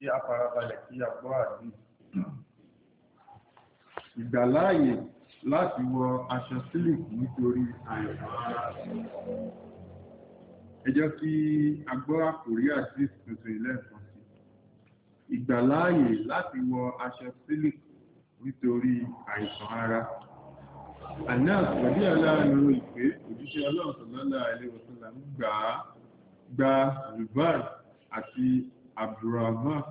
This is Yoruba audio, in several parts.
kí a farabalẹ̀ kí a gbọ́ àdúrà ìgbàláàyè láti wọ aṣọ sílìkì nítorí àìsàn ara ẹ jẹ́ kí a gbọ́ àkórí àti tuntun ilẹ́ẹ̀kan sí ìgbàláàyè láti wọ aṣọ sílìkì nítorí àìsàn ara àná àpẹẹrẹ aláàrin ìpé òjíṣẹ́ ọlọ́ọ̀tọ̀ lọ́la ilé ìwòsàn gbà á gba zubar àti abdulrahman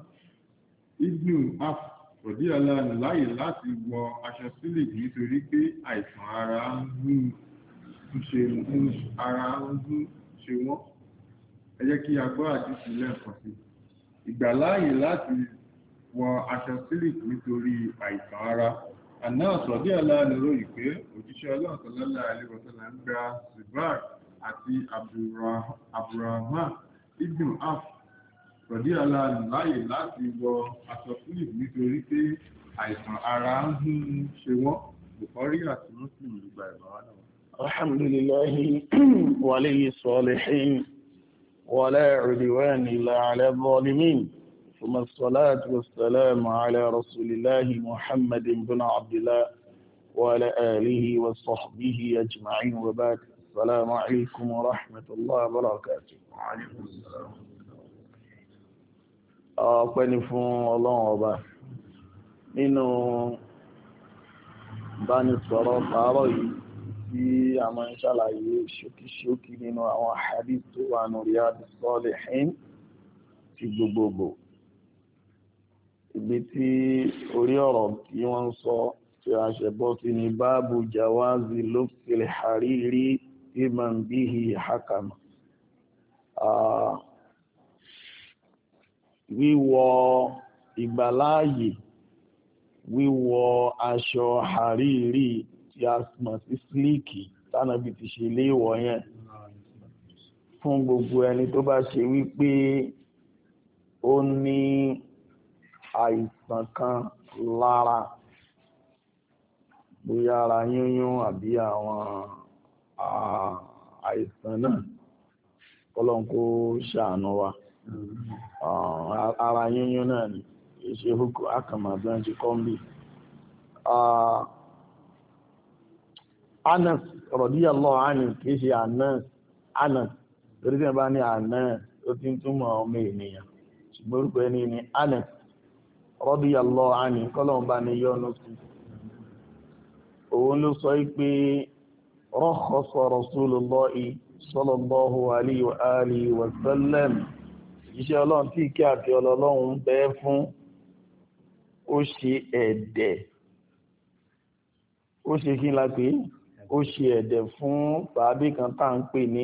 ibnu af rọ̀díọ̀lá láyè láti wọ aṣọ sílẹ̀ nítorí pé àìsàn ara ń gún ṣe wọ́n ẹ jẹ́ kí agbọ́ àdìsí lẹ́ẹ̀kan sí ìgbàláyè láti wọ aṣọ sílẹ̀ nítorí àìsàn ara àná ọ̀sọ̀díọ̀lá níròyìn pé òjíṣẹ́ ọlọ́run sọlọ́lá àlébọ̀sọ́lá ń gba zubair àti abdulrahman ibnu af rọ̀dí ọlá láyè láti wọ aṣọ fúlìp nítorí pé àìsàn ara ń hún ṣe wọ́n bùkọ́rí àti muslim ìgbà wà náà. ولا عدوان إلا على الظالمين ثم الصلاة والسلام على رسول الله محمد بن عبد الله وعلى آله وصحبه أجمعين وبعد السلام عليكم ورحمة الله وبركاته وعليكم السلام ọpẹ́ ni fún ọlọ́run ọba nínú ìbánisọ̀rọ̀ pàárọ̀ yìí tí a máa ń ṣàlàyé ṣókíṣókí nínú àwọn hadith tó wà ní Riyadu Salihin ti gbogbogbò ibi tí orí ọ̀rọ̀ tí wọ́n ń sọ tí a ṣe bọ́ sí ni báàbù jawazi lókèlè hariri imam bihi hakama wíwọ ìgbàláàyè wíwọ aṣọ àríìrí tí a mọ̀ sí sílíkì tánàbí ti ṣe léèwọ̀ yẹn fún gbogbo ẹni tó bá ṣe wípé ó ní àìsàn kan lára bóyá ara yúnyún àbí àwọn àìsàn náà kọ́lọ́n kó ṣàánú wa ara yíyún náà ni ìṣe hukú akàmà bí wọ́n ti kọ́ ń bì. Ah, Anas radiyallahu anhu kìí ṣe Anas Anas torí tí wọ́n bá ní Anas ó ti ń túmọ̀ ọmọ ènìyàn ṣùgbọ́n orúkọ ẹni ni Anas radiyallahu anhu kọ́lọ́n bá ní yọ́nú sí. Òun ló sọ pé rakhasa Rasulullahi sallallahu alayhi òjíṣẹ́ ọlọ́run tí ìkẹ́ àti ọlọ́run ń bẹ fún ó ṣe ẹ̀dẹ̀ ó ṣe kí n la pé ó ṣe ẹ̀dẹ̀ fún sàábì kan tá à ń pè ní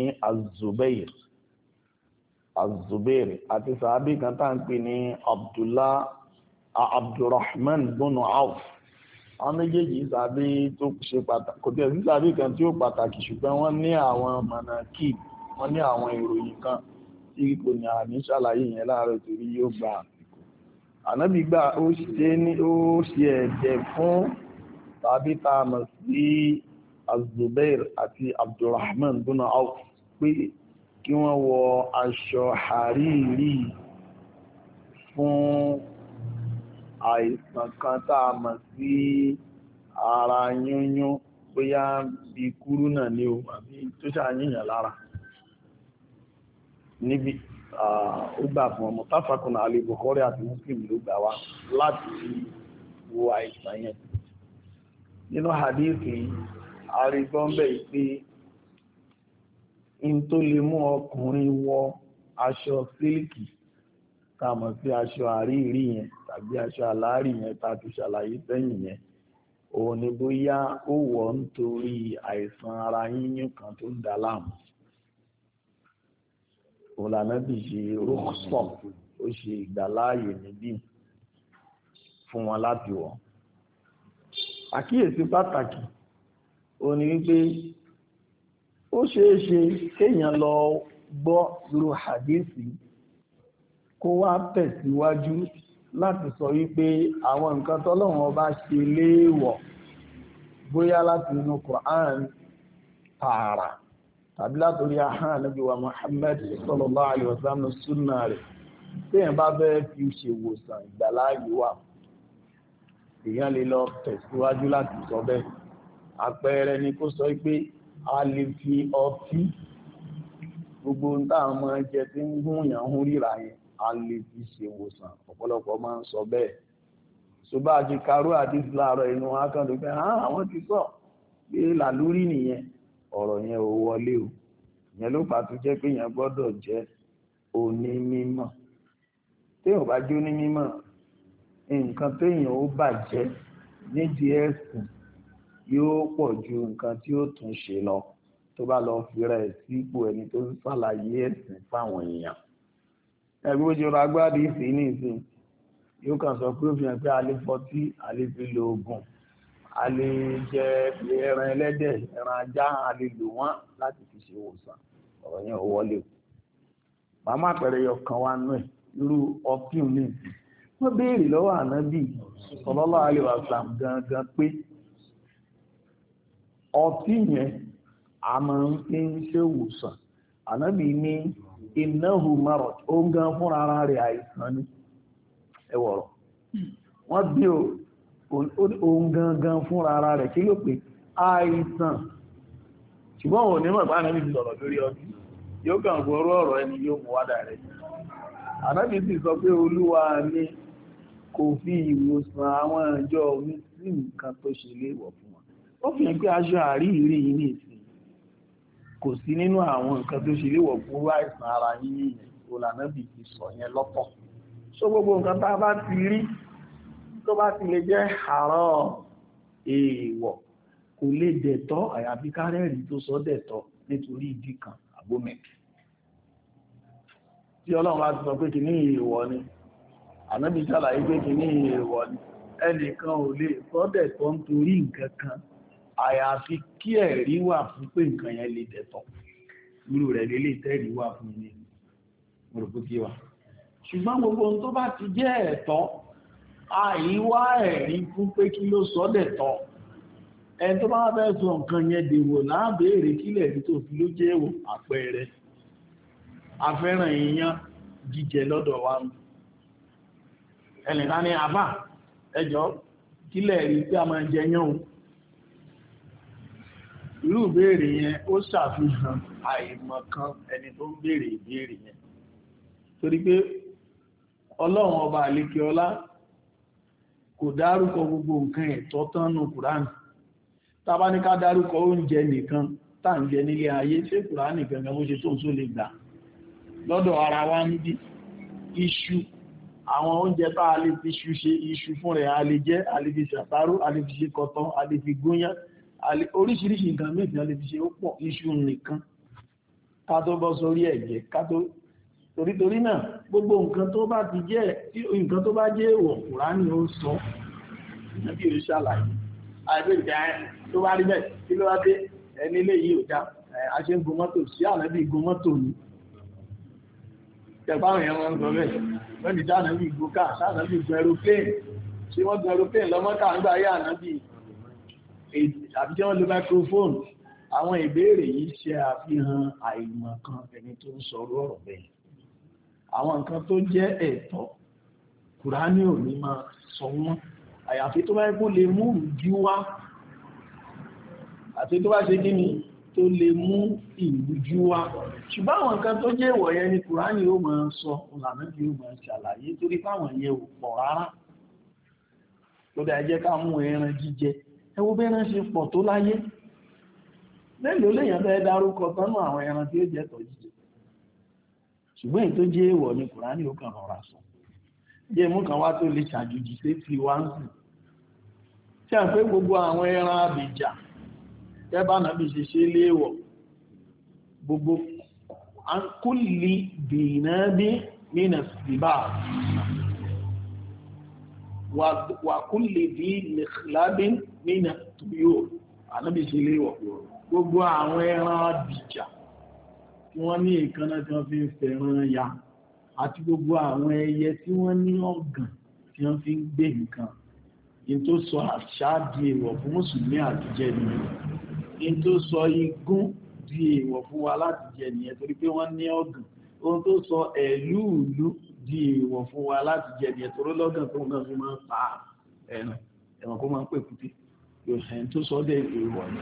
azubair àti sàábì kan tá ń pè ní abdulrahman bunu auf àwọn méjèèjì sàábì tó ṣe pàtàkì kan tí ó pàtàkì ṣùgbọ́n wọ́n ní àwọn mọ̀nàkì wọ́n ní àwọn ìròyìn kan tí kò ní àní ṣàlàyé yẹn láàárọ̀ torí yóò gba àsìkò ànábì gbà ó ṣe ní ó ṣe ẹ̀jẹ̀ fún tàbí tá sí azubair àti abdulrahman buna auf pé kí wọ́n wọ aṣọ àríìrí fún àìsàn kan tá a mọ̀ sí ara yúnyún bóyá bí kúrú náà ni o àbí tó ṣàyíyàn lára níbi ọgbà fún ọmọ táfàkùnà alẹ́ Bukhari àti Muslim ló gbà wá láti wo àìsàn yẹn nínú hadithi arígbọ́nbẹ̀ pé in tó lè mú ọkùnrin wọ aṣọ sílìkì tàmọ̀ sí aṣọ àríìrí yẹn tàbí aṣọ aláàrí yẹn tàbí ṣàlàyé sẹ́yìn yẹn òun ni bóyá ó wọ̀ nítorí àìsàn ara yíyún kan tó ń dà láàmú ọ̀lànàbì ṣe rúkṣọ̀ ó ṣe ìgbàláàyè níbí fún wọn láti wọ̀ àkíyèsí pàtàkì ó ní wípé ó ṣeé ṣe kéèyàn lọ gbọ́ irú hadisi kó wá tẹ̀síwájú láti sọ wípé àwọn nǹkan tọ́lọ́run ọba ṣe léèwọ̀ bóyá láti inú Quran tààrà tàbí látòrí ahán ànábì wa Muhammad sallallahu alaihi wasallam súnà rẹ̀ téèyàn bá fẹ́ fi ṣèwòsàn ìgbàláàyè wà èèyàn lè lọ tẹ̀síwájú láti sọ bẹ́ẹ̀ àpẹẹrẹ ni kó sọ pé a lè fi ọtí gbogbo ń tá àwọn ọmọ jẹ tí ń gún yàn ń ríra yẹn a lè fi ṣèwòsàn ọ̀pọ̀lọpọ̀ máa ń sọ bẹ́ẹ̀ ṣùgbọ́n àti karú àti láàárọ̀ inú akọ́ndùn àwọn ti sọ pé làlúrí nìyẹn ọ̀rọ̀ yẹn ò wọlé o yẹn ló fà tó jẹ́ pé yẹn gbọ́dọ̀ jẹ́ onímímọ̀ téèyàn bá jẹ́ onímímọ̀ nǹkan téèyàn ó bàjẹ́ nídìí ẹ̀sìn yóò pọ̀ ju nǹkan tí ó tún ṣe lọ tó bá lọ fira ẹ̀ sípò ẹni tó ń ṣàlàyé ẹ̀sìn fáwọn èèyàn ẹgbẹ́ ojú ọrọ̀ agbáàdì ní ìsìn yóò kàn sọ pé ó fi hàn pé a fọtí a fi lo oògùn a lè jẹ ẹran ẹlẹ́dẹ̀ ẹran ajá a lò láti fi ṣe ọ̀rọ̀ yẹn ò wọlé o màmá àpẹẹrẹ yọ kan wá nú ẹ̀ irú mi wọ́n béèrè lọ́wọ́ ànábì gangan pé ọtí yẹn a máa ń fi ń ṣe ànábì ní ó ń gan fúnra àìsàn òun gangan fúnra ara rẹ̀ kí ló pé àìsàn ṣùgbọ́n òun ní mọ̀pá náà níbi sọ̀rọ̀ lórí ọdún yóò kàn fún ọrọ̀ ọ̀rọ̀ ẹni yóò mú wádà rẹ̀ àdábì sì sọ pé olúwa ni kò fi ìwòsàn àwọn ìjọ omi sí nǹkan tó ṣe léèwọ̀ fún wọn ó fi hàn pé aṣọ àríyìnrí yìí ní ìsìn kò sí nínú àwọn nǹkan tó ṣe léèwọ̀ fún àìsàn ara yín nìyẹn olànàbì ti sọ yẹn lọ́pọ̀ so gbogbo nǹkan tá a bá ti rí tó bá ti lè jẹ́ haram èèwọ̀ kò lè dẹ̀tọ́ àyàfi kárẹ́rì tó sọ dẹ̀tọ́ nítorí ìdí kan àbómẹ̀kì tí ọlọ́run bá sọ pé kì ní èèwọ̀ ni ànábì ṣàlàyé pé kì ní èèwọ̀ ni ẹnìkan ò lè sọ dẹ̀tọ́ nítorí nǹkan kan àyàfi kí ẹ̀rí wà fún pé nǹkan yẹn lè dẹ̀tọ́ irú rẹ̀ lè lè tẹ́rí wà fún ilé mọ̀rọ̀kú tí wà ṣùgbọ́n gbogbo ohun tó bá ti jẹ́ ẹ̀tọ́ àìwá ẹ̀rí fún pé kí ló sọ dẹ̀ tọ́ ẹni tó bá fẹ́ sọ nǹkan yẹn dèwò láàbèèrè kílẹ̀ rí tó fi ló jẹ́ èwò àpẹẹrẹ afẹ́ràn èèyàn jíjẹ lọ́dọ̀ wa ẹnìkan ní àbá ẹjọ́ kílẹ̀ rí pé a máa jẹ yán o irú ìbéèrè yẹn ó ṣàfihàn àìmọ̀kan ẹni tó ń béèrè ìbéèrè yẹn torí pé ọlọ́run kò dárúkọ gbogbo nǹkan ẹ̀tọ́ tán nù kùránì tàbá ní ká dárúkọ oúnjẹ nìkan tá ń jẹ nílé ayé ṣé kùránì gangan bó ṣe tó ń só lè gbà lọ́dọ̀ ara wa níbí iṣu àwọn oúnjẹ tá a lè fi iṣu ṣe iṣu fún rẹ̀ a lè jẹ a lè fi ṣàtàrú a lè fi ṣe kọtán a lè fi gúnyán oríṣiríṣi nǹkan méjì a lè fi ṣe ó pọ̀ iṣu nìkan ká tó bọ́ sórí ẹ̀jẹ̀ ká tó torítorí náà gbogbo nǹkan tó bá ti jẹ́ nǹkan tó bá jẹ́ èèwọ̀ Kùránì ó sọ níbi ìlú ṣàlàyé àìbẹ̀rẹ̀ tó bá rí bẹ́ẹ̀ kí ló wá dé ẹni ilé yìí ò já ń gun sí ànábì gun mọ́tò ni tẹ̀báwọn yẹn wọ́n ń sọ bẹ́ẹ̀ wọ́n ti dá ànábì gun káà sáànábì gun aeroplane ṣé wọ́n gun aeroplane lọ́mọ́ta nígbà ayé ànábì àbí tí wọ́n lo microphone àwọn ìbéèrè yìí ṣe àfihàn àìmọ̀ kan ẹni àwọn nǹkan tó jẹ́ ẹ̀tọ́ kùránì ò ní máa sọ wọ́n àyàfi tó bá yẹ lè mú ìrújú wá àti tó bá ṣe kí ni tó lè mú ìrújú wá ṣùgbọ́n àwọn nǹkan tó jẹ́ ìwọ̀ yẹn ni kùránì ó máa sọ ìlànà bí ó máa ṣàlàyé torí fáwọn yẹn ò pọ̀ rárá ló dá jẹ́ ká mú ẹran jíjẹ ẹ wo bẹ́ẹ̀rẹ̀ ṣe pọ̀ tó láyé lẹ́yìn olóyìn bẹ́ẹ̀ dárúkọ tánú àwọn ẹran tí ó jẹ́ tọ̀ jíjẹ ṣùgbọ́n èyí tó jẹ́ èèwọ̀ ni kùránì ó kàn rọra sọ jẹ́ mú kan wá tó lè ṣàjòjì sí fliwansi tí a pé gbogbo àwọn ẹran abìjà tẹ́bà náà bí ṣe ṣe léèwọ̀ gbogbo kúlì dìínà bí mínà síbà wà kúlì bí nìkìlábí mínà tuyó ànábì ṣe léèwọ̀ gbogbo àwọn ẹran abìjà tí wọ́n ní ìkànnà tí wọ́n fi ń fẹ̀ràn ya àti gbogbo àwọn ẹyẹ tí wọ́n ní ọ̀gàn tí wọ́n fi ń gbé nǹkan in tó sọ àṣà di èèwọ̀ fún mùsùlùmí àti jẹ nìyẹn in tó sọ igún di èèwọ̀ fún wa láti jẹ nìyẹn torí pé wọ́n ní ọ̀gàn ohun tó sọ ẹ̀lúùlú di èèwọ̀ fún wa láti jẹ nìyẹn torí lọ́gàn tó ń gan máa pa ẹ̀ràn ẹ̀ràn kó máa ń pèkúté yóò hẹ́n tó sọ dé èèwọ̀ ni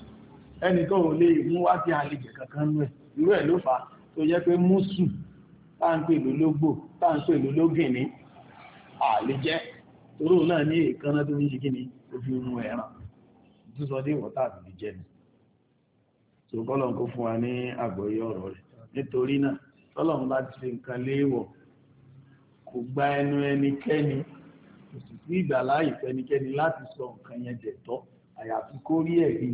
ẹni tó lè mú wá sí kankan nú ẹ̀ irú ẹ̀ ló fà tó jẹ́ pé mùsù ta à ń pè lólógbò tá àlejẹ́ toró náà ní èékánná tó ń ṣe kíni ó fi mú ẹran tó sọ dé àbìbí ni tó fún wa ní ọ̀rọ̀ rẹ̀ nítorí náà tọ́lọ̀n bá ti fi nǹkan léèwọ̀ kò gba ẹnu ẹnikẹ́ni kò sì sí sọ nǹkan yẹn dẹ̀tọ́ àyàfi kó rí ẹ̀rí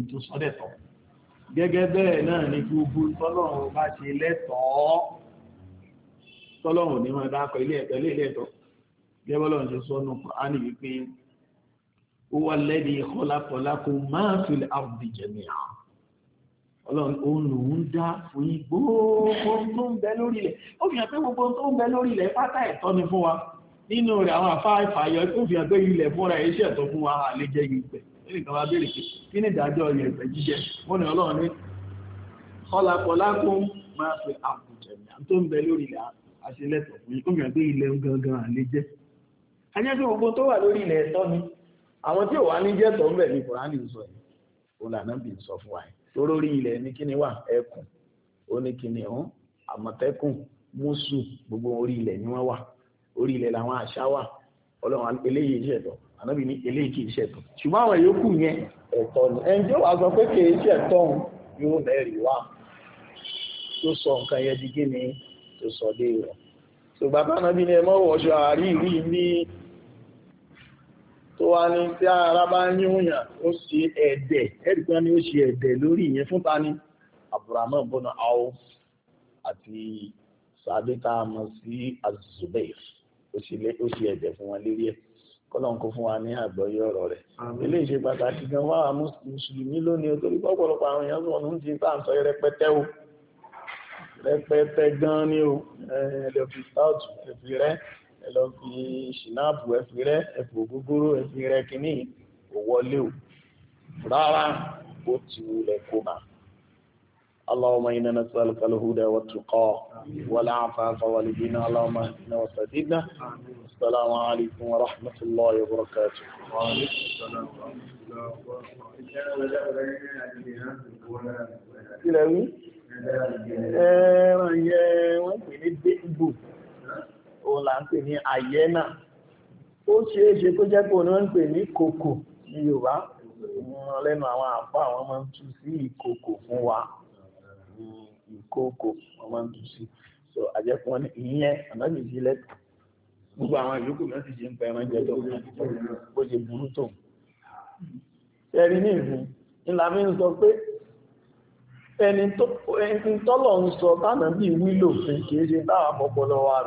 gẹ́gẹ́ bẹ́ẹ̀ náà ni gbogbo tọ́lọ́run bá ṣe lẹ́tọ̀ọ́ tọ́lọ́run ní wọn dákọ̀ ilé ẹ̀tọ́ ilé ẹ̀tọ́ gẹ́bọ́lọ́ ṣe sọ́nù àní wípé ó wà lẹ́ni ìkọlákọlákọ máa fi àrùbí jẹ̀mí à ọlọ́run òun lòun dá fún yín gbogbo tó ń bẹ lórí ilẹ̀ ó fi hàn pé gbogbo tó ń bẹ lórí ilẹ̀ pátá ẹ̀tọ́ wa nínú rẹ̀ àwọn àfáà ìfàyọ tó fi hàn pé nìkan wá béèrè pé kí ni ìdájọ́ yẹ̀pẹ̀ jíjẹ wọ́n ní ọlọ́run ní kọ́lákọ́lákún máa fi àkùnjẹ̀ tó ń bẹ lórí ilẹ̀ àṣelẹ́tọ̀ fún yín kó mìíràn pé ilẹ̀ gangan àlè jẹ́. ajẹ́ pé gbogbo tó wà lórí ilẹ̀ ẹ̀tọ́ ni àwọn tí ò wá ní jẹ́ tọ́ ń bẹ̀ ní kùránì sọ yìí òun làná sọ fún wa torí orí ilẹ̀ ní kíni wà ẹkùn oníkìnìún àmọ̀tẹ́kùn mùsù gbogbo orí ilẹ̀ ni wọ́n wà orí ilẹ̀ làwọn àṣà wà ọlọ́run eléyìí ṣẹ̀tọ̀ ànábì ní eléyìí kì í ṣẹ̀tọ́ ṣùgbọ́n àwọn yòókù yẹn ẹ̀tọ́ ni ẹni tí ó wàá sọ pé kì í ṣẹ̀tọ́ òun yóò lẹ́rì wá tó sọ nǹkan yẹn di gíní tó sọ dé rẹ̀ ṣùgbọ́n táwọn bí ní ẹ mọ́wọ́ ọṣọ àríwí ní tó wá ní tí ara bá ń yúnyàn ó ṣe ẹ̀dẹ̀ ẹ̀dùkan ni ó ṣe ẹ̀dẹ̀ lórí ìyẹn fún ta ni abdulrahman bọ́nà áwọ̀ àti sàdétà mọ̀ sí azubair ó ṣe ẹ̀dẹ̀ fún wọn lérí ẹ̀ kọ́lọ́n kó fún wa ní àgbọ́yé ọ̀rọ̀ rẹ̀ ilé ìṣe pàtàkì gan wá wa mùsùlùmí lónìí torí pọ́pọ̀lọpọ̀ àwọn èèyàn sọ̀rọ̀ ń ti bá ń sọ rẹpẹtẹ o rẹpẹtẹ gan ni o ẹ lọ fi stout ẹ fi rẹ ẹ lọ fi ṣìnáàpù ẹ rẹ ẹ ògógóró ẹ rẹ kínní kò o rárá bó ti wulẹ̀ kó máa. اللهم إنا نسألك الهدى والتقى والعفاف والدين اللهم اهدنا وسددنا السلام عليكم ورحمة الله وبركاته السلام ورحمة àyẹ́nà ó ṣeé ṣe kó jẹ́ pé òun wọ́n pè ní kòkò ní Yorùbá lẹ́nu àwọn àpá àwọn máa ń tú sí ìkòkò fún wa ìkókò wọ́n máa ń so àjẹkùn wọn ìyẹn ànábì ìdílé gbogbo àwọn ìlú náà ti ṣe ń pẹran jẹ tó bó ṣe burú tó ẹ̀rí ní ìlú ńlá ń sọ pé ẹni tọ́lọ̀ ń sọ tánà bí wílò fún kìí ṣe táwà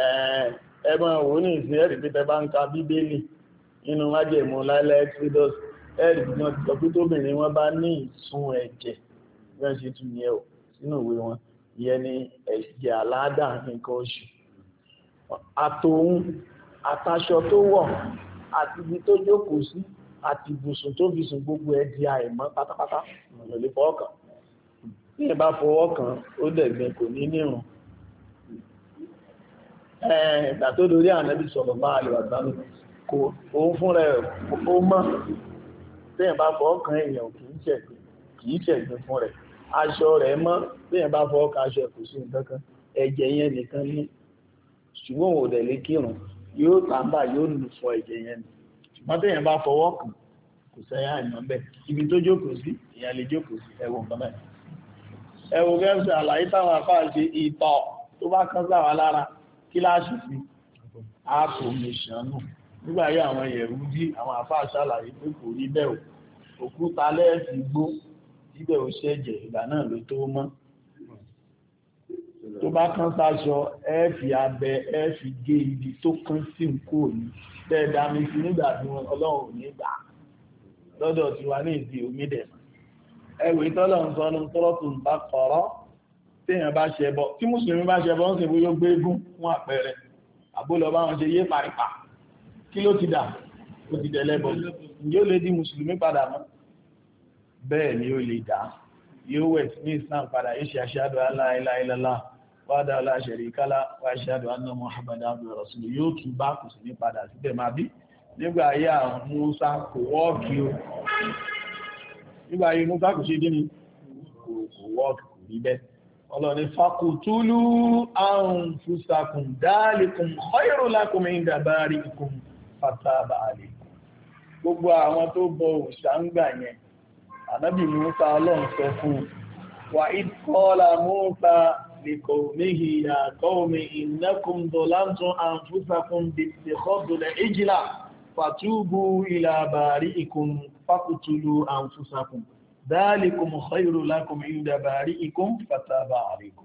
rẹ̀ ẹgbọ́n òun ní ẹ̀rì náà ti sọ pé tóbìnrin wọn bá ní ìsun ẹ̀jẹ̀ bí wọ́n ṣe tún yẹ ò sínú ìwé wọn ìyẹn ni ẹ̀jẹ̀ aládà nǹkan oṣù àtòun àtàṣọ tó wọ̀ àti ibi tó jókòó sí àti ibùsùn tó fi sùn gbogbo ẹ̀ di àìmọ́ pátápátá ọ̀nà lè fọwọ́ kàn ní ìbá fọwọ́ kàn ó dẹ̀gbin kò ní nírun ìgbà tó dorí ànábì sọ̀rọ̀ máa lè wà dánú kò òun fúnra ẹ̀ ó mọ́ bẹ́ẹ̀ bá fọ́ kan èèyàn kì í ṣẹ̀gbìn kì í ṣẹ̀gbìn fún rẹ̀ aṣọ rẹ̀ mọ́ bẹ́ẹ̀ bá fọ́ kan aṣọ kò sí nǹkan kan ẹ̀jẹ̀ yẹn nìkan ní ṣùgbọ́n òun ò dẹ̀ lè kírun yóò tàbá yóò lù fọ ẹ̀jẹ̀ yẹn ni ṣùgbọ́n tẹ̀yìn bá fọwọ́ kàn kò sẹ́yà àìmọ́ bẹ́ẹ̀ ibi tó jókòó sí ìyá lè jókòó sí ẹ̀wọ̀n kan bẹ́ẹ̀ ẹ̀wọ̀n gẹ́gẹ́ àlàyé táwọn afá ṣe ìtọ̀ tó bá kán sáwà lára kíláàsì sí àpò mi ṣàánú nígbà ayé àwọn Yẹ̀húdí àwọn àfáà ṣàlàyé pé kò rí bẹ́ẹ̀ o òkúta lẹ́ẹ̀sì gbó síbẹ̀ ó ṣẹ̀jẹ̀ ìgbà náà ló tó mọ́ tó bá kán sáṣọ ẹ́ẹ̀fì abẹ ẹ́ẹ̀fì gé ibi tó kán sí nkó ní tẹ́ẹ̀dá mi sí nígbà tí wọn ọlọ́run ò ní gbà lọ́dọ̀ tí wà ní ìdí omi dẹ̀ ẹ̀wì tọ́lọ̀ ń sọnù tọ́lọ́tù ń bá kọ̀rọ̀ téèyàn bá ṣẹbọ tí mùsùlùmí bá ṣẹbọ ń sìnkú yóò gbé egún fún àpẹẹrẹ àbólọ bá wọn ṣe yé paripa kí ló ti dà ó ti dẹ̀lẹ́bọ̀ ǹjẹ́ ó lè di mùsùlùmí padà mọ́ bẹ́ẹ̀ ni ó lè dà yóò wẹ̀ ní islam padà iṣẹ́ aṣáàdù aláìláìlálá wádà aláṣẹ̀ríkálá wá aṣáàdù anna muhammad abdul rasul musa kò wọ́ọ̀kì musa kò ṣe dínì kò wọ́ọ̀kì kò rí bẹ́ẹ̀ ọlọ́ni fakùtúlù dáàlìkùn khayrun lakum inda bari'ikum fataba alaykum gbogbo àwọn tó bọ òòṣà ń gbà yẹn ànábì Musa ọlọ́run sọ fún wa id qala Musa liqawmihi ya qawmi innakum zalamtum anfusakum bi-ittikhadhil ijla fatubu ila bari'ikum faqtulu anfusakum ذلكم خير لكم عند بارئكم فتاب عليكم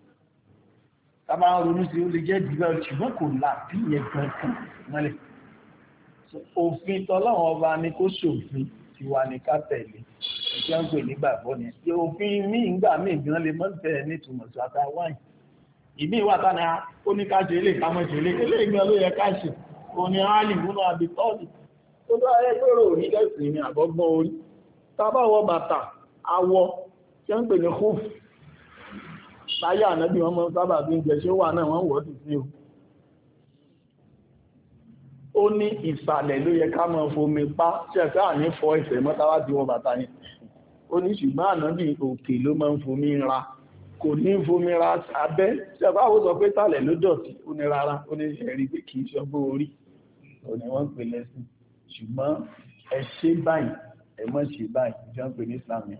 tàbá ronú sí ó lè jẹ́ dìbẹ̀ ṣùgbọ́n kò láti yẹn kankan mọ́lẹ̀ òfin tọ́lọ́wọ́n ọba ni kó ṣòfin tiwa ní ká tẹ̀lé ìjọ ń pè nígbàgbọ́ ni òfin míì ńgbà míì gan lè mọ́ tẹ̀ nítumọ̀ sí ata wáìn ìmí ìwà tánà ó ní ká ṣe ilé ìkámọ́ ṣe ilé ilé ìgbà ló yẹ ká ṣe kò ní áàlì múnú àbí tọ́ọ̀lì tó bá yẹ gbòòrò òní láyé ànábì wọn mọ́ sábà bí ń jẹ ṣé ó wà náà wọ́n wọ́n ti sí o ó ní ìsàlẹ̀ ló yẹ ká máa fomi pa ṣẹ̀fẹ́ àní fọ ẹsẹ̀ mọ́tàwá tí wọ́n bàtà yẹn ó ní ṣùgbọ́n ànábì òkè ló máa ń fomi ra kò ní fomi ra abẹ́ ṣẹ̀fẹ́ àwọn sọ pé sàlẹ̀ ló dọ̀tí ó ní rárá ó ní ẹ̀rí pé kì í ṣọgbọ́n orí ò ní wọ́n pè lẹ́sìn ṣùgbọ́n ẹ ṣe báyìí ẹ mọ̀ ṣe báyìí ìjọ ń pè ní islam yẹn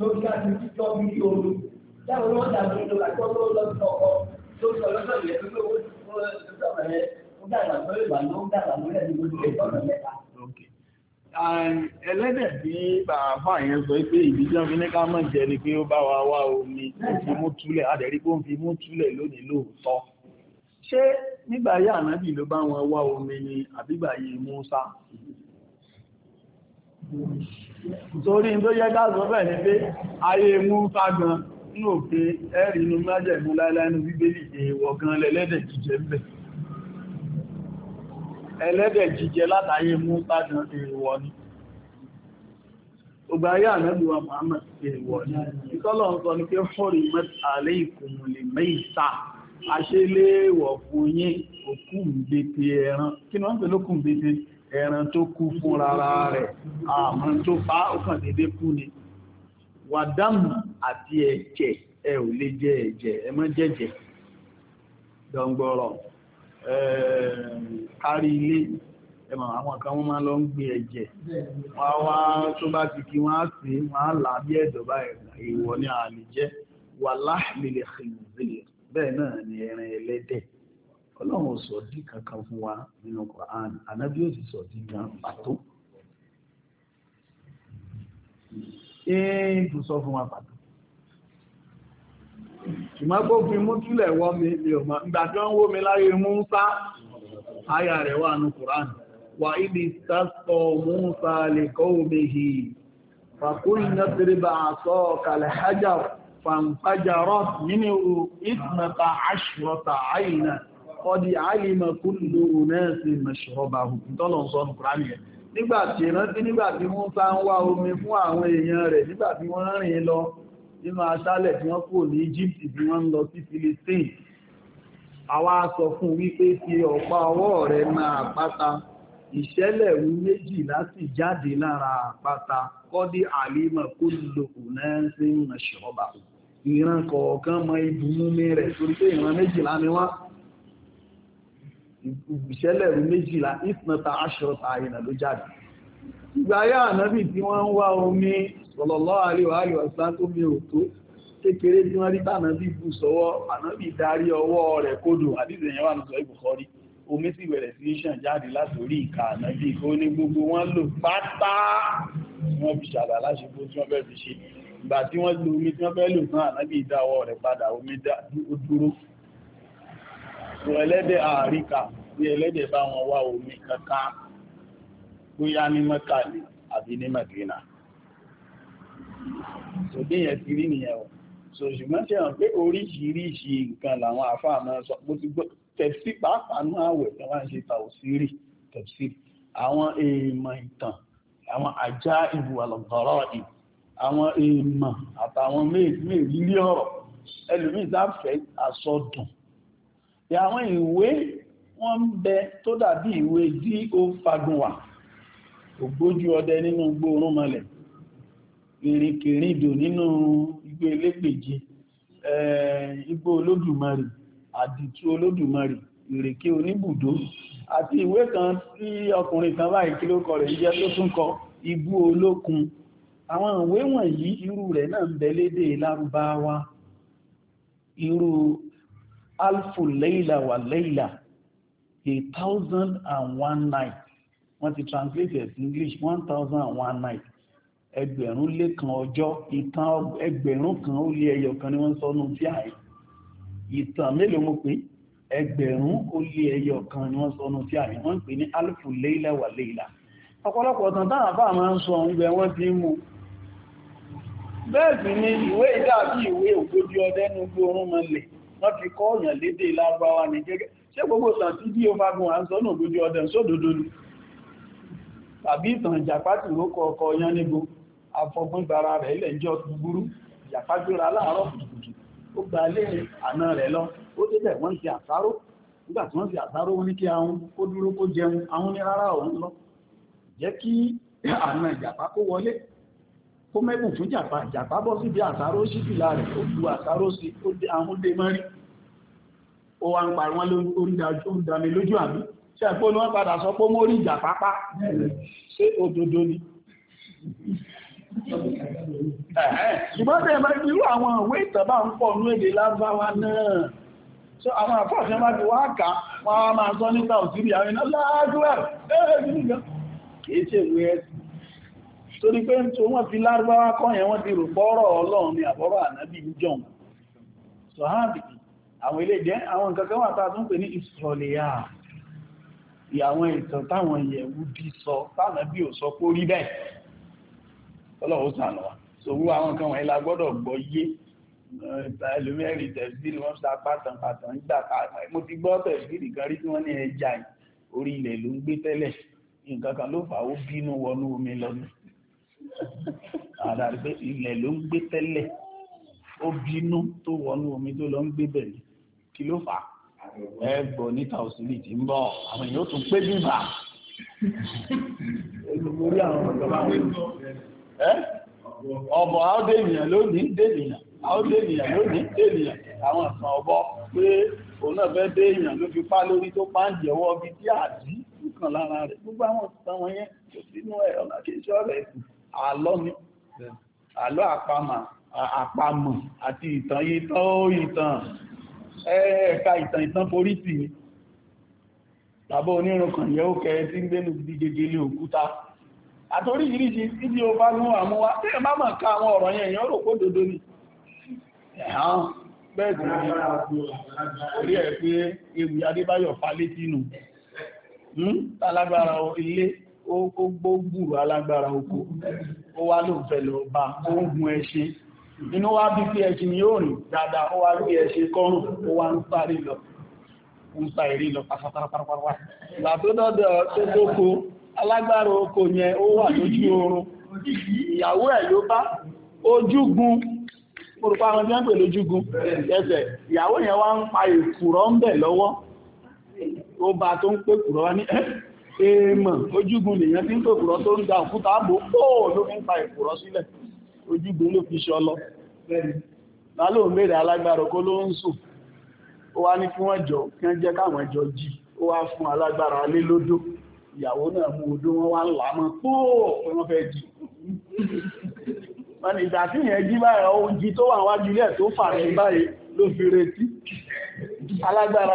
lórí àti títọ́ bí i omi. Láwọn wọn dàbí ìlú àti ọmọ lọ sí ọkọ lórí ọlọ́sọ̀ yẹn tó lówó ti fún ọ̀sán rẹ̀ ó dàgbà sórí ìwà ló ń dàgbà lórí ẹni gbogbo ẹ̀ lọ́nà mẹ́ta. Ẹlẹ́dẹ̀ tí bàbá yẹn sọ pé ìdíjọ́ fi ní ká mọ̀ jẹ ni pé ó bá wa wá omi ó fi mú túlẹ̀ adẹ̀rí pé ó fi mú túlẹ̀ lónìí lóòótọ́. Ṣé nígbà yá ànábì ló bá wọn wá omi ni àbígbà yìí Mùsá? torí tó yẹ káàkọ́ bẹ̀ ní pé ayé mú fagan ní òfin ẹ̀rì inú májẹ̀mú láìláìnú bíbélì èèwọ̀ gan lẹ́lẹ́dẹ̀ jíjẹ bẹ̀ ẹlẹ́dẹ̀ jíjẹ látàyé mú fagan èèwọ̀ ni ọgbà ayé ànẹ́bùwà Muhammad èèwọ̀ ni ìtọ́lọ̀ ń sọ ní pé fọ́rí mẹ́tàlẹ́ ìkùnlẹ̀ mẹ́ta aṣẹ́léèwọ̀ fún yín òkú ìgbètè ẹran kí ni wọ́n ń pè lókùn ìgbètè ẹran tó kú fún rárá rẹ̀ àmọ́ tó bá ọkàn dédé kú ni wàdámù àti ẹ̀jẹ̀ ẹ ò lè jẹ ẹ̀jẹ̀ ẹ mọ́ jẹ̀jẹ̀ dọ̀ngbọ̀rọ̀ kárí ilé ẹmọ̀ àwọn kan wọ́n máa lọ ń gbé ẹ̀jẹ̀ wọ́n wá tó bá ti kí wọ́n á sí wọ́n á là bí ẹ̀dọ̀bá ìwọ̀ ní àlè jẹ́ wà láàlè lè bẹ́ẹ̀ náà ni ẹran ẹlẹ́dẹ̀ ọlọ́run sọ dí kankan fún wa nínú Quran anábí ò sì sọ dí kan pàtó ee kò sọ fún wa pàtó ìmọ́gbó fi mú túlẹ̀ wọ́ mi mi ò máa ìgbà tí wọ́n wó mi láyé Músá ayà rẹ̀ wà ní Quran wà ìdí tásọ̀ Músá lè kọ́ omi hì fàkúrì náà àṣọ kàlẹ̀ hajjar fàǹfàjárọ̀ nínú ìtìmọ̀ta àṣírọ̀ta àìyàn kọ́dí àálìmọ̀ kúlù náà sí mẹ́ṣọ́bà ìtọ́lọ̀ sọ nùkúránì ẹ̀ nígbàtí rántí nígbàtí wọ́n sá ń wá omi fún àwọn èèyàn rẹ̀ nígbàtí wọ́n rìn lọ nínú aṣálẹ̀ tí wọ́n kò ní Egypt bí wọ́n lọ sí Philistine àwa sọ fún wípé fi ọ̀pá ọwọ́ rẹ̀ máa àpáta ìṣẹ̀lẹ̀ rú méjì láti jáde lára àpáta kọ́dí àlímọ̀ kúlù náà sí mẹ́ṣọ́bà ìran kọ̀ọ̀kan mọ ibùmúmi rẹ̀ torí pé ìran méjìlá ni wọ́n ìṣẹ́lẹ̀rú méjìlá ìfúnnata ashraf àyìnà ló jáde ìgbà ayé ànábì tí wọ́n ń wá omi sallallahu alaihi wa alihi wasallam tó mi ò tó kékeré tí wọ́n rí tànábì bù sọ́wọ́ ànábì darí ọwọ́ rẹ̀ kodò àdìsẹ̀yìn wà lọ́sọ̀ ìbùkọ́rí omi sì bẹ̀rẹ̀ sí ṣàn jáde látòrí ìka ànábì ó ní gbogbo wọn lò pátá wọ́n fi ṣàdà láṣẹ bó sùn ẹlẹ́dẹ̀ àríkà bí ẹlẹ́dẹ̀ bá wọn wá omi kankan bóyá ní Mẹ́kà ni àbí ní Mẹ́dínà so déyẹn ti rí nìyẹn o so ṣùgbọ́n ṣe hàn pé oríṣiríṣi nǹkan làwọn àfáà máa sọ mo ti gbọ́ tẹ̀sí pàápàá náà àwẹ̀ tí wọ́n ń ṣe tàùsírì tẹ̀sí àwọn èèmọ̀ ìtàn àwọn àjá ìbù àlọ̀gọ́rọ̀ ì àwọn èèmọ̀ àtàwọn mẹ́rin ọ̀rọ̀ ẹlòmíì sáfẹ́ àsọdùn àwọn ìwé wọ́n ń bẹ tó dàbí ìwé dí ó fagunwà ògbójú ọdẹ nínú gbóòrùn mọ́lẹ̀ ìrìnkìrìndò nínú igbó elégbèje igbó olódùmarè àdìtú olódùmarè ìrèké oníbùdó àti ìwé kan tí ọkùnrin kan báyìí kí ló kọ rẹ̀ jẹ́ tó tún kọ ibú olókun àwọn ìwé wọ̀nyí irú rẹ̀ náà ń bẹ lédè lárúbáwá irú alfu leila wa leila a thousand and one night wọ́n ti translate it in english one thousand and one night ẹgbẹ̀rún lé kan ọjọ́ ìtàn ẹgbẹ̀rún kan ó lé ẹyọ kan ni wọ́n sọ nù tí àyè ìtàn mélòó mo pé ẹgbẹ̀rún ó lé ẹyọ kan ni wọ́n sọ nù tí àyè wọ́n pè ní alfu leila wa leila ọ̀pọ̀lọpọ̀ ọ̀tàn táwọn bá máa ń sọ ohun gbẹ wọ́n ti ń mú bẹ́ẹ̀ sì ni ìwé ìdábí ìwé ògbójú ọdẹ́nu gbórún mọ́lẹ̀ wọ́n fi kọ́ ọ̀yàn lédè lárúbáwá ní gẹ́gẹ́ ṣé gbogbo sàn tí bí o bá gun àǹsọ́ náà lójú ọdẹ sódodo ni tàbí ìtàn ìjàpá tí ló kọ ọkọ yan níbo afọgbọ́n gbara rẹ̀ ilẹ̀ ìjọ gbúgbúrú ìjàpá gbéra láàárọ̀ kùtùkùtù ó gba ilé àna rẹ̀ lọ ó débẹ̀ wọ́n ti àsáró nígbà tí wọ́n ti àsáró ní kí ahun kó dúró kó jẹun ahun ní rárá òun lọ jẹ́ kí àna ó mẹ́bùn fún jàpá jàpá bọ́ sí bí àsáró sí fìlà rẹ̀ ó lu àsáró sí ó dé àwọn dé mọ́rí ó wá ń parí wọn lóúnjẹ lójú àmì ṣe àpò ni wọ́n padà sọ pé mórí jàpá pa ṣé òdodo ni ṣùgbọ́n tẹ́ ẹ̀mọ́ irú àwọn ìwé ìtọ́bá ń pọ̀ ní èdè lábáwá náà so àwọn àfọ́ọ̀fẹ́ máa ti wá kà wọ́n á máa sọ nígbà òsìrí àwọn iná láàájúwẹ̀ ẹ̀ẹ́ torí pé tó wọ́n fi lárúbáwá kọ́ yẹn wọ́n ti rò bọ́rọ̀ ọlọ́run ni àbọ́rọ̀ ànábì ń jọun sọ̀háàbì àwọn ilé jẹ́ àwọn nǹkan kan wà tá a tún pè ní ìsọ̀lẹ̀yà ìyàwọn ìtàn táwọn yẹ̀wù bí sọ tánàbí ò sọ pó rí bẹ́ẹ̀ ọlọ́run sànà wa sòwú àwọn nǹkan wọ̀nyí la gbọ́dọ̀ gbọ́ yé ẹlòmẹ́rì tẹ̀síìrì nǹkan kan ló fà ó bínú wọnú omi lọ́nà ààrẹ àrígbé ilẹ̀ ló ń gbé tẹ́lẹ̀ ó bínú tó wọnú omi tó lọ ń gbé bẹ̀rẹ̀ kí ló fà ẹ gbọ́ níta òsìlì tí ń bọ̀ àwọn èèyàn ó tún pé bíbà lórí àwọn ọ̀dọ́mọ̀ ọ̀bọ̀ àwọn dènìyàn lónìí dènìyàn àwọn dènìyàn lónìí dènìyàn àwọn ọ̀sán ọ̀bọ pé òun náà fẹ́ dènìyàn ló fi pá lórí tó páǹdì ọwọ́ bíi tí àdí kan lára rẹ̀ gbogbo àwọn ọ̀sán wọn yẹn kò sínú ẹ̀ ọ̀nà kí iṣẹ́ ọ̀rẹ́ ẹ̀sìn àlọ́ ni àlọ́ àpamọ̀ àpamọ̀ àti ìtàn ìtàn ó ìtàn ẹ̀ẹ̀ka ìtàn ìtàn forí tì ní tàbí onírun kan yẹ́ ó kẹrẹ tí ń gbénu bí gegele òkúta àtorí ìrísí títí o bá mú àmúwá tí ẹ bá mọ̀ ká àwọn ọ̀rọ̀ yẹn èèyàn rò kó dodo ni ẹ̀hán bẹ́ẹ̀ sì ní orí ẹ̀ pé ewì Adébáyọ̀ Fálétí nù hmm? tálágbára ilé ó gbógbùrù alágbára oko ó wá ló fẹ́ lọ bá oògùn ẹṣin inú wá bí pé ẹṣin yóò rìn dáadáa ó wá rí ẹṣin kọrùn ó wá ń sáré lọ ń sa ìrí lọ pàṣàpàràpàrà làtọ́dọ́dọ̀ tó dóko alágbára oko yẹn ó wà lójú oorun ìyàwó èèmọ̀ ojúgun nìyàn tí ń tó kùrọ̀ tó ń da òkúta àbò pòó ló fi ń pa ìkùrọ̀ sílẹ̀ ojúgun ló fi ṣọlọ lálò mèrè alágbára kó ló ń sùn ó wá ní kí wọ́n jọ kí wọ́n jẹ́ káwọn jọ jí ó wá fún alágbára lé lódó ìyàwó náà mú odó wọn wá làmọ́ pòó pé wọ́n fẹ́ jí wọ́n ní ìgbà tí ìyẹn jí báyìí oúnjẹ tó wà wájú ilé tó fà sí báyìí ló fi retí alágbára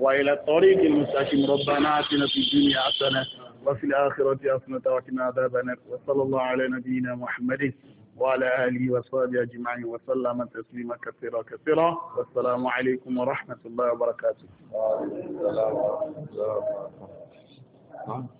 وإلى الطريق المستقيم ربنا آتنا في الدنيا حسنة وفي الآخرة حسنة وقنا عذاب النار وصلى الله على نبينا محمد وعلى آله وصحبه أجمعين وسلم تسليما كثيرا كثيرا والسلام عليكم ورحمة الله وبركاته.